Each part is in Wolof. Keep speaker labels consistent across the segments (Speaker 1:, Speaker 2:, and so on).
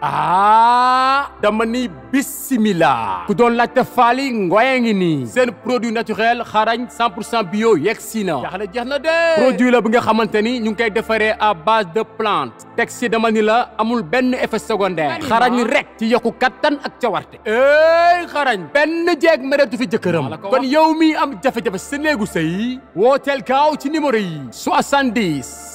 Speaker 1: ah dama ni bisimila ku doon laajte faali ngoye ngi nii seen produit naturel xarañ 100 pour cent bio yegg si na jaaxle jeex na de produit la bu nga xamante ni ñu ngi koy defaree à base de plante teg si dama ni la amul benn effet secondaire xarañ ah. rek ci yokku kattan ak cawarte éy xarañ benn jeeg mereetu fi jëkkëram kon yow mi am jafe-jafe sa néegu sëy wooteel kaaw ci numéro yi 70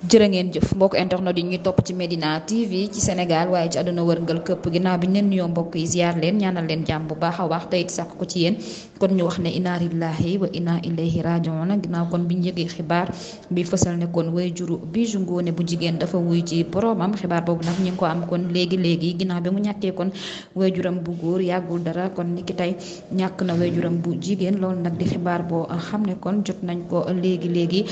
Speaker 2: jërë ngeen jëf mbokk internet yi ñuy topp ci médina TV ci Sénégal waaye ci àdduna wërngal këpp ginnaaw bi ñu leen nuyoo mbokk yi ziar leen ñaanal leen jàmm bu baax a baax tey it sàkk ko ci yéen kon ñu wax ne inna lillahi wa inna ilayhi raji'un ginnaaw kon bi ñu xibaar bi fësal ne kon way juru Bijou Ngoné bu jigéen dafa wuy ci boromam xibaar boobu nag ñu ko am kon léegi léegi ginnaaw bi mu ñàkkee kon way juram bu góor yàggul dara kon ni ki tey ñàkk na way juram bu jigéen loolu nag di xibaar boo xam ne kon jot nañ ko léegi léegi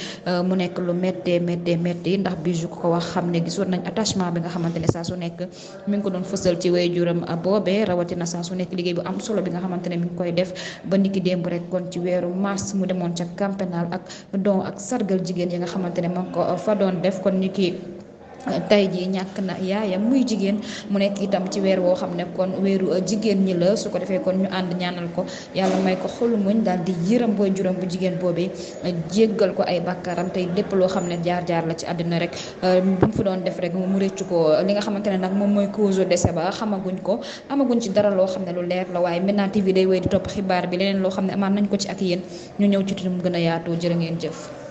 Speaker 2: mu nekk lu méttee méttee méttee métt ndax bijou ko wax xam ne gisoon nañ attachement bi nga xamante ne saa su nekk mi ngi ko doon fësal ci waajuram boobee rawatina saa su nekk liggéey bu am solo bi nga xamante ne mi ngi koy def ba niki démb rek kon ci weeru mars mu demoon ca camp pénal ak don ak sargal jigéen yi nga xamante ne moo koo fa doon def kon niki tey jii ñàkk na yaayam muy jigéen mu nekk itam ci weer woo xam ne kon weeru euh, jigéen ñi la su ko defee kon ñu ànd ñaanal ko yàlla may ko xolu muñ daal di yëram booy juróom bu jigéen boobee euh, jéggal ko ay bàkkaaram tey lépp loo xam ne jaar-jaar la ci àddina rek euh, bu mu fi doon def rek mu réccu ko li nga xamante ne nag moom mooy cause décès ba xamaguñ ko amaguñ ci dara loo xam ne lu leer la waaye Médina TV day wéy di topp xibaar bi leneen loo xam ne amaat nañ ko ci ak yéen ñu ñëw ci turam gën a yaatu jërë ngeen jëf